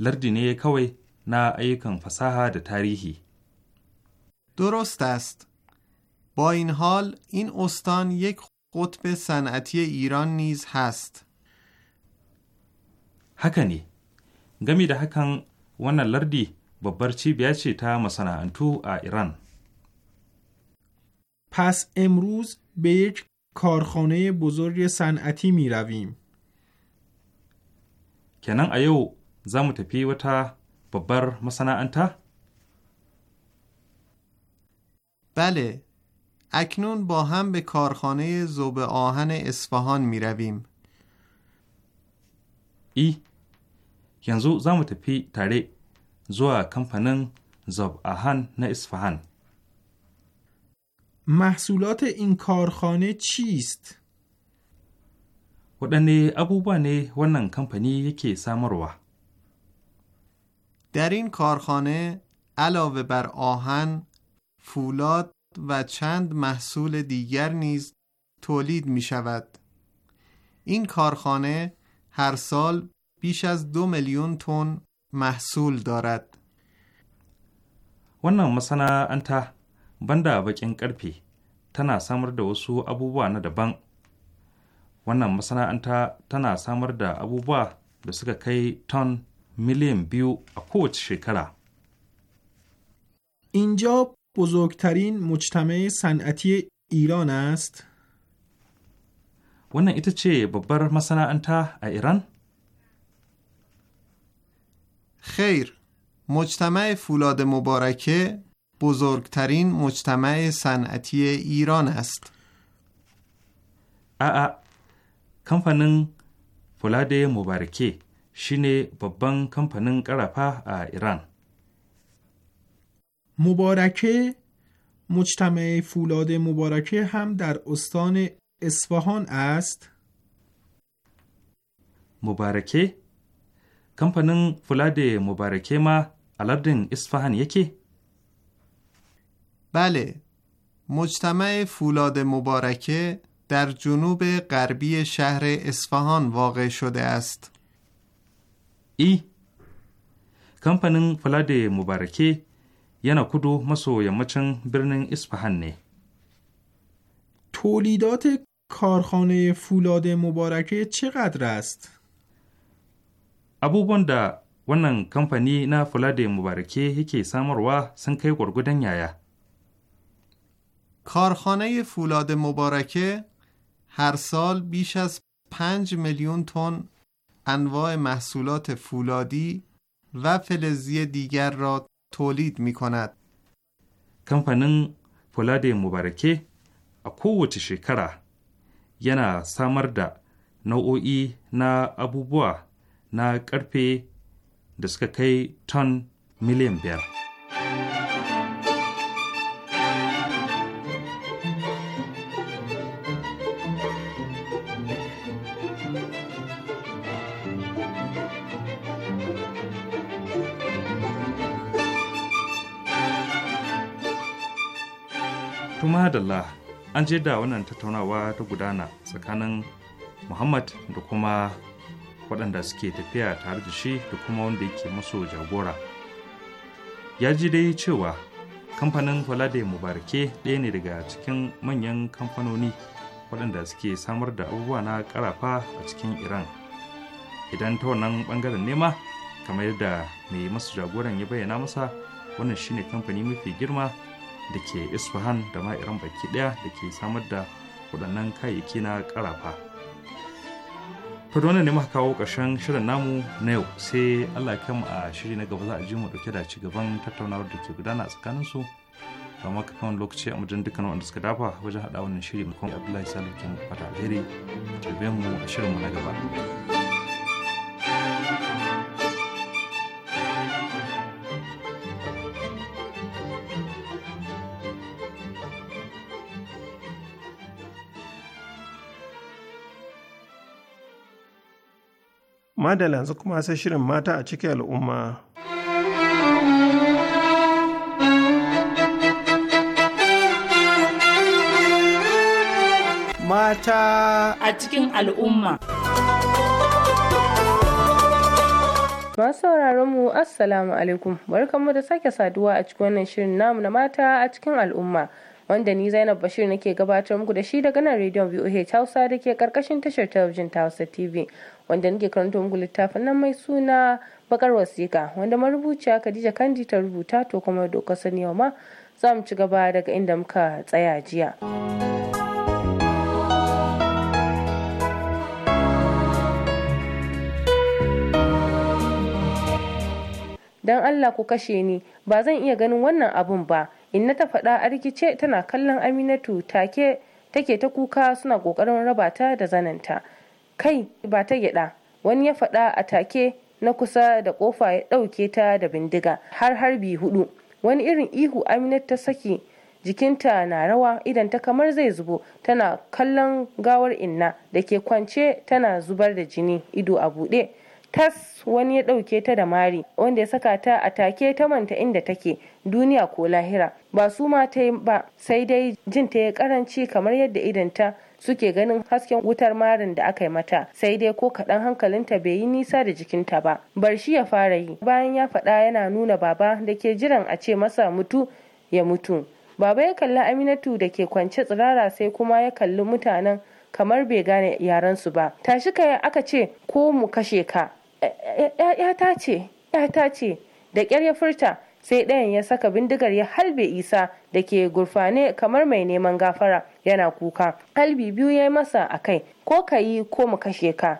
لردینه کوی نا ایکن فساها ده تاریخی درست است. با این حال این استان یک قطب صنعتی ایران نیز هست هکنی گمی ده هکن ون لردی ببر cibiya چی تا مسانه ایران. ایران پس امروز به یک کارخانه بزرگ صنعتی می رویم. کنن ایو زمو تپی و تا ببر مسنا انتا؟ بله اکنون با هم به کارخانه زوب آهن اصفهان می رویم. ای پی za mu تاری زو آهن زوب آهن نه محصولات این کارخانه چیست؟ ودنی ابو ونن wannan یکی yake samarwa در این کارخانه علاوه بر آهن فولاد و چند محصول دیگر نیز تولید می شود. این کارخانه هر سال بیش از دو میلیون تن محصول دارد. wannan masana'anta banda bakin karfe tana samar da wasu abubuwa na daban wannan masana'anta tana samar da abubuwa da suka kai ton miliyan biyu a kowace shekara اینجا بزرگترین مجتمع صنعتی ایران است؟ wannan ita ce babbar masana'anta a Iran? خیر مجتمع فولاد مبارکه بزرگترین مجتمع صنعتی ایران است. a'a kamfanin fulade mubarake shine babban kamfanin ƙarafa a iran مبارکه مجتمع فولاد مبارکه هم در استان اصفهان است مبارکه کمپنن فولاد مبارکه ما علبدن اصفهان یکی بله مجتمع فولاد مبارکه در جنوب غربی شهر اصفهان واقع شده است ای کمپنن فولاد مبارکه یعنی کدو مسو مچنگ برنین اسپهن تولیدات کارخانه فولاد مبارکه چقدر است؟ ابو بنده wannan کمپنی نه مبارکه مبارکه yake samarwa sun kai gwargwadon yaya. کارخانه فولاد مبارکه هر سال بیش از پنج میلیون تن انواع محصولات فولادی و فلزی دیگر را tolid mikonat. Kamfanin Folade Mubarake a kowace shekara yana samar da nau'o'i na abubuwa na karfe da suka kai ton miliyan biyar. da allah an je da wannan tattaunawa ta gudana tsakanin Muhammad da kuma waɗanda suke tafiya tare da shi da kuma wanda yake masu jagora. Ya ji dai cewa kamfanin Falade Mubarake ɗaya ne daga cikin manyan kamfanoni waɗanda suke samar da abubuwa na ƙarafa a cikin Iran. Idan ta wannan ɓangaren nema, kamar yadda mai masu jagoran ya bayyana masa, wannan shine kamfani mafi girma da ke isfahan da ma iran baki daya da ke samar da waɗannan kayayyaki na karafa to ne muka kawo ƙarshen shirin namu na yau sai allah ya kama a shiri na gaba za a ji mu dauke da ci gaban tattaunawar da ke gudana a tsakaninsu ba ma kan lokaci a madadin dukkan wanda suka dafa wajen haɗa wannan shiri mai kuma abdullahi salo fata alheri tarbe mu a shirin mu na gaba. amma da yanzu kuma sai shirin mata a cikin al'umma. Mata a cikin al'umma. Masu sauraron mu Assalamu alaikum, barkanmu da sake saduwa a cikin wannan shirin namu na mata a cikin al'umma. wanda ni Zainab Bashir nake gabatar muku da shi daga nan rediyon VOH Hausa da ke karkashin tashar talabijin ta Hausa TV. wanda nake karanto muku littafin nan mai suna bakar wasika wanda marubuciya Khadija Kandi ta rubuta to kuma doka sani yau ma za mu ci gaba daga inda muka tsaya jiya. Dan Allah ku kashe ni ba zan iya ganin wannan abun ba in na ta faɗa a rikice tana kallon Aminatu take take ta kuka suna ƙoƙarin rabata ta da zananta. kai ba ta gyaɗa wani ya faɗa a take na kusa da kofa ya ɗauke ta da bindiga har harbi hudu wani irin ihu aminat ta saki jikinta na rawa idan ta kamar zai zubo tana kallon gawar inna da ke kwance tana zubar da jini ido a buɗe tas wani ya ɗauke ta da mari wanda ya saka ta a take ta manta inda take duniya ko lahira ba su ma ta yi ba sai dai jinta ya karanci kamar yadda idanta suke ganin hasken wutar marin da aka yi mata sai dai ko kaɗan hankalinta bai yi nisa da jikinta ba bar shi ya fara yi bayan ya faɗa yana nuna baba da ke jiran a ce masa mutu ya mutu baba ya kalli aminatu da ke kwance tsirara sai kuma ya kalli mutanen kamar bai gane yarensu ba tashi ka aka ce ko mu kashe ka ya ta ce ya ta ce da ƙyar ya furta sai ɗayan ya saka bindigar ya halbe isa da ke gurfane kamar mai neman gafara yana kuka halbi biyu ya yi masa a kai ko ka yi ko mu kashe ka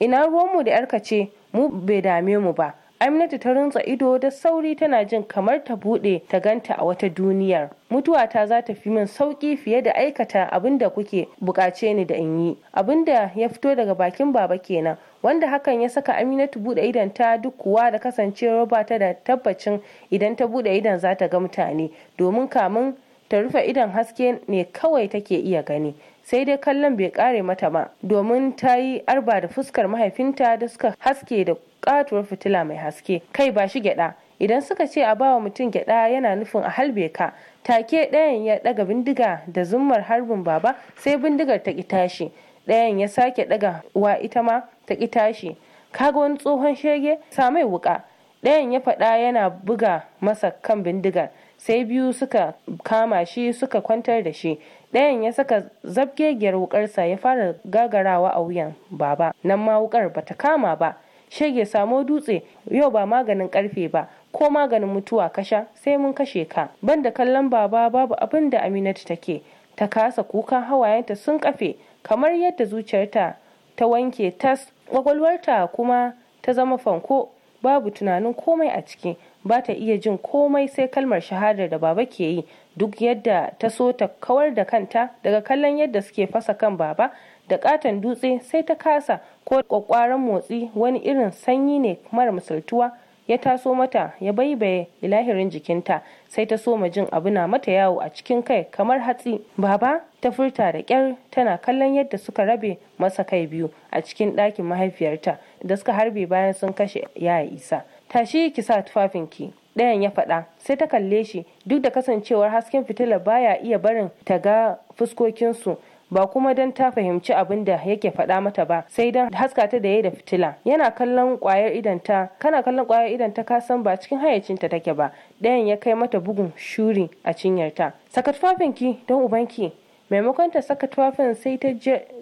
ina ruwanmu da yarka ce mu bai dame mu ba Aminatu ta runtsa ido da sauri tana jin kamar ta bude ta ganta a wata duniyar. Mutuwata za ta fi min sauki fiye da aikata abin da kuke bukace ni da in yi. Abin da ya fito daga bakin baba kenan. Wanda hakan ya saka Aminatu bude idon ta duk kuwa da kasancewar roba ta da tabbacin idan ta bude idon za ta ga mutane domin kamun ta rufe idon haske ne kawai take iya gani. sai dai kallon bai kare mata ba domin ta yi arba da fuskar mahaifinta da suka haske da katuwar fitila mai haske kai ba shi gyada idan suka ce a bawa mutum gyada yana nufin a halbe ka take ɗayan ya ɗaga bindiga da zummar harbin baba sai bindigar ta tashi ɗayan ya sake ɗaga wa ita ma ta tashi kaga wani tsohon shege samai wuƙa ɗayan ya faɗa yana buga masa kan bindigar sai biyu suka kama shi suka kwantar da shi ɗayan ya saka zabgegiyar wukarsa ya fara gagarawa a wuyan baba nan ma wukar bata kama ba shege samo dutse yau ba maganin karfe ba ko maganin mutuwa kasha sai mun kashe ka banda kallon baba babu abin da aminatu take ta kasa kukan hawayenta sun kafe kamar yadda zuciyarta ta wanke tas kwakwalwarta kuma ta zama fanko babu tunanin komai a ciki ba ta iya jin komai sai kalmar shahadar da baba ke yi duk yadda ta so ta kawar da kanta daga kallon yadda suke fasa kan baba da katon dutse sai ta kasa ko kwakwaran motsi wani irin sanyi ne mara misaltuwa ya taso mata ya baibaye ilahirin jikinta sai ta soma jin abu na mata yawo a cikin kai kamar hatsi baba ta furta da kyar tana kallon yadda suka rabe masa kai biyu a cikin ɗakin mahaifiyarta da suka harbe bayan sun kashe yaya isa tashi ki sa tufafinki ɗayan ya faɗa sai ta kalle shi duk da kasancewar hasken fitila baya iya barin ta ga fuskokinsu ba kuma don ta fahimci abin da yake faɗa mata ba sai don haska ta da ya da fitila yana kallon kwayar idanta kana kallon kwayar idanta ka san ba cikin hayyacinta take ba ɗayan ya kai mata bugun shuri a cinyarta saka tufafinki don ubanki maimakon ta saka tufafin sai ta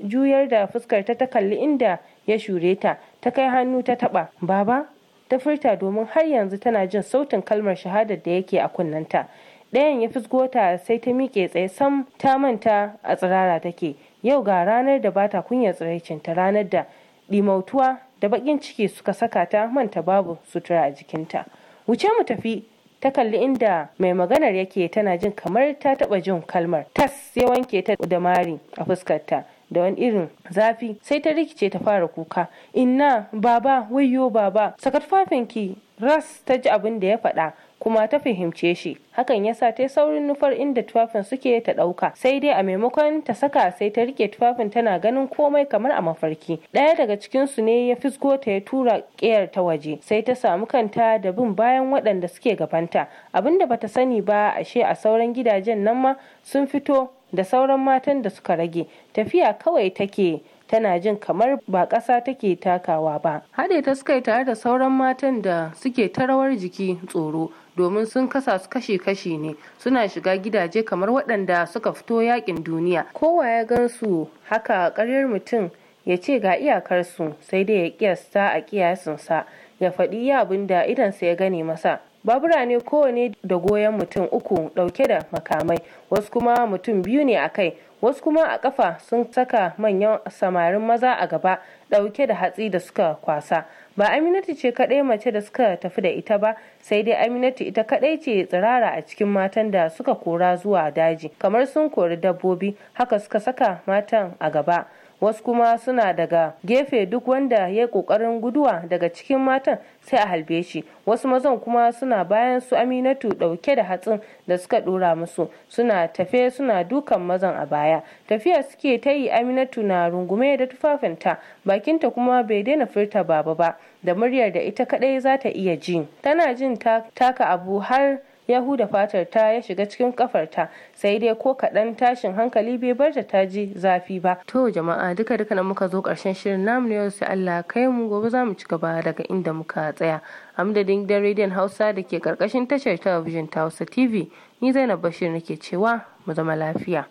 juyar da fuskar ta ta kalli inda ya shure ta ta kai hannu ta taɓa baba ta furta domin har yanzu tana jin sautin kalmar shahadar da yake a kunnanta ɗayan ya fisgo ta sai ta miƙe tsaye sam ta manta a tsirara take yau ga ranar da bata kunyar ta ranar da ɗimautuwa da baƙin ciki suka saka ta manta babu sutura a jikinta wuce mu tafi ta kalli inda mai maganar yake tana jin kamar ta taɓa jin kalmar tas ya wanke ta da mari a fuskarta da wani irin zafi sai ta rikice ta fara kuka inna baba wayyo baba sakar fafinki ras ta ji abin da ya faɗa kuma ta fahimce shi hakan ya sa ta saurin nufar inda tufafin suke ta ɗauka sai dai a maimakon ta saka sai ta rike tufafin tana ganin komai kamar a mafarki ɗaya daga cikin su ne ya fisgo ta ya tura ƙeyar ta waje sai ta samu kanta da bin bayan waɗanda suke gabanta da bata sani ba ashe a sauran gidajen nan ma sun fito da sauran matan da suka rage tafiya kawai take tana jin kamar ba ƙasa take takawa ba haɗe ta suka tare da sauran matan da suke ta rawar jiki tsoro domin sun kasa su kashe kashi ne suna shiga gidaje kamar waɗanda suka fito yakin duniya kowa ya gan su haka karyar mutum ya ce ga iyakarsu sai dai ya kiyasta a kiyasinsa ya faɗi iya abin da idansa ya gane masa babura ne kowane da goyon mutum uku ɗauke da makamai wasu kuma mutum biyu ne a kai wasu kuma a kafa sun saka manyan samarin maza a gaba ɗauke da hatsi da suka kwasa ba aminatu ce kadai mace da suka tafi da ita ba sai dai aminatu ita kadai ce tsirara a cikin matan da suka kora zuwa daji kamar sun kori dabbobi haka suka saka matan a gaba wasu kuma suna daga gefe duk wanda ya yi kokarin guduwa daga cikin matan sai a halbe shi wasu mazan kuma suna bayan su aminatu dauke da hatsin da suka dora musu suna tafe suna dukan mazan a baya tafiya suke ta yi aminatu na rungume da tufafinta bakinta kuma bai daina furta baba ba da muryar da ita kadai za ta iya ji tana jin taka abu har ya huda fatar ta ya shiga cikin kafarta sai dai ko kaɗan tashin hankali bai bar da ta ji zafi ba to jama'a duka duka na muka zo ƙarshen shirin namu yau sai Allah kai mu gobe za mu ci gaba daga inda muka tsaya amdadin gidan rediyon hausa da ke karkashin tashar talabijin ta hausa tv ni zainab bashir nake cewa mu zama lafiya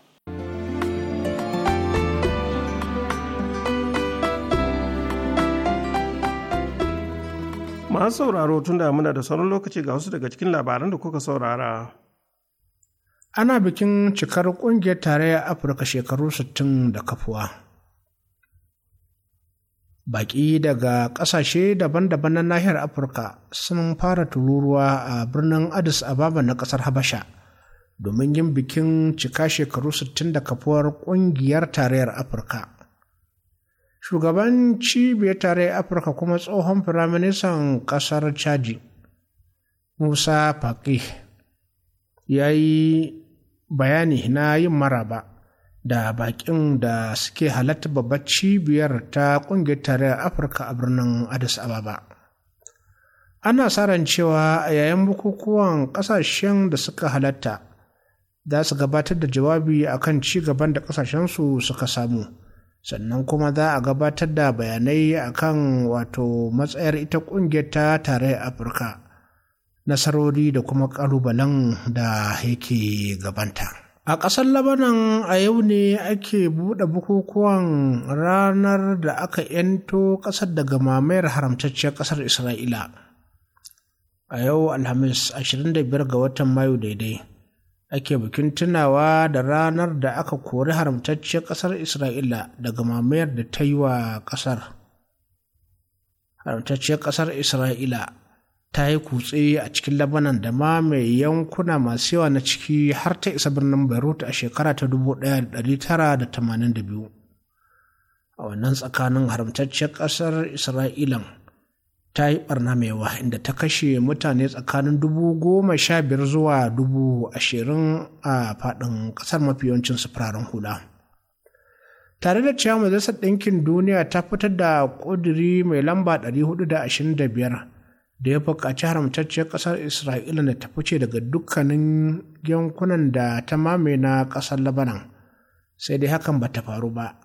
masu sauraro tun da muna da sauran lokaci ga wasu daga cikin labaran da kuka saurara ana bikin cikar kungiyar tarayyar afirka shekaru 60 da kafuwa baƙi daga ƙasashe daban-daban na nahiyar afirka sun fara tururuwa a birnin addis ababa na ƙasar habasha domin yin bikin cika shekaru sittin da kafuwar ƙungiyar tarayyar afirka shugaban cibiyar tarayyar afirka kuma tsohon firaministan ƙasar chadi musa faki ya yi bayani na yin maraba da bakin da suke halatta babbar cibiyar ta ƙungiyar tare afirka a birnin addis ababa ana sa ran cewa a yayin bukukuwan ƙasashen da suka halatta za su gabatar da jawabi akan ci gaban da ƙasashensu suka samu. sannan kuma za a gabatar da bayanai a kan wato matsayar ita kungiyar ta tare afirka nasarori da kuma kalubalen da yake gabanta a ƙasar labanan a yau ne ake buɗe bukukuwan ranar da aka 'yanto ƙasar daga mamayar haramtacciyar ƙasar isra'ila a yau alhamis 25 ga watan mayu daidai ake bikin tunawa da ranar da aka kori haramtacciyar ƙasar isra'ila daga mamayar da ta yi wa ƙasar haramtacciyar ƙasar isra'ila ta yi kutse a cikin labanan da ma mai yankuna masu yawa na ciki har ta isa birnin beirut a shekara ta 1982 a wannan tsakanin haramtacciyar ƙasar isra'ilan ta yi barna mai yawa inda ta kashe mutane tsakanin dubu goma sha biyar zuwa dubu ashirin a faɗin ƙasar mafi yawancin sufurarin hula tare da cewa majalisar ɗinkin duniya ta fitar da ƙudiri mai lamba 425 da ya buƙaci haramtacciyar ƙasar isra'ila da ta fice daga dukkanin yankunan da ta mamaye na ƙasar labanan sai dai hakan ba ta faru ba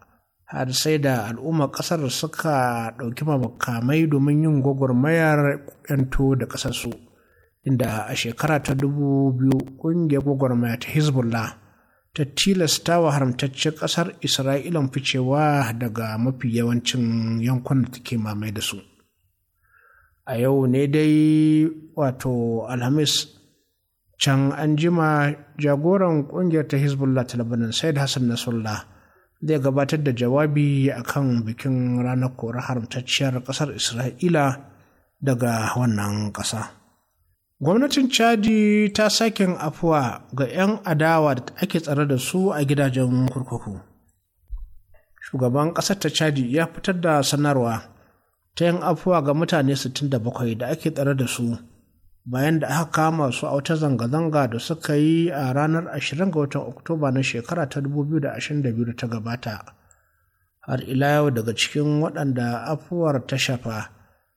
har sai da al'ummar ƙasar suka ɗauki makamai domin yin gwagwarmayar 'yanto da ƙasarsu inda a shekara ta dubu biyu ƙungiyar gwagwarmaya ta hezbollah ta tilasta wa haramtaccen ƙasar isra'ilan ficewa daga mafi yawancin yankunan da ke mamaye da su a yau ne dai wato alhamis can an jima jagoran ƙungiyar ta hezbollah ta labanin sai da hassan nasrallah zai gabatar da jawabi a kan bikin ranar kori haramtacciyar ƙasar isra'ila daga wannan ƙasa gwamnatin chadi ta sake afuwa ga 'yan adawa da ake tsare da su a gidajen kurkuku shugaban ƙasar ta chadi ya fitar da sanarwa ta yin afuwa ga mutane 67 da ake tsare da su bayan da aka kama su a wata zanga-zanga da suka yi a ranar 20 ga watan oktoba na shekara ta 2022 ta gabata har ila yau daga cikin waɗanda afuwar ta shafa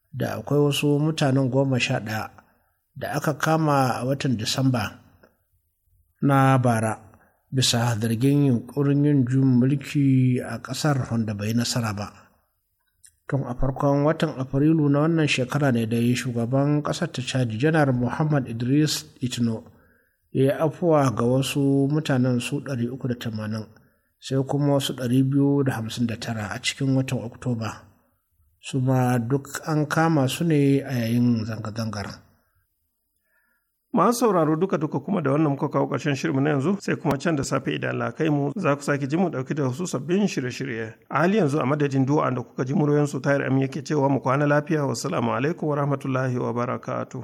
da akwai wasu mutanen goma sha ɗaya da aka kama a watan disamba na bara bisa zargin yunkurin yin jun mulki a ƙasar wanda bai nasara ba tun a farkon watan afrilu na wannan shekara ne da shugaban ƙasar ta chad janar muhammad idris itno ya yi afuwa ga wasu mutanen su 380 sai kuma wasu 259 a cikin watan oktoba su ma duk an kama su ne a yayin zanga-zangar masu sauraro duka duka kuma da wannan muka kawo ƙarshen shirinmu na yanzu sai kuma can da safe idan Allah kai mu za ku sake ji mu dauki da wasu sabbin shirye-shirye a hali yanzu a madadin du'a da kuka ji muryoyin su tayar amin yake cewa mu kwana lafiya wassalamu alaikum wa rahmatullahi wa barakatu.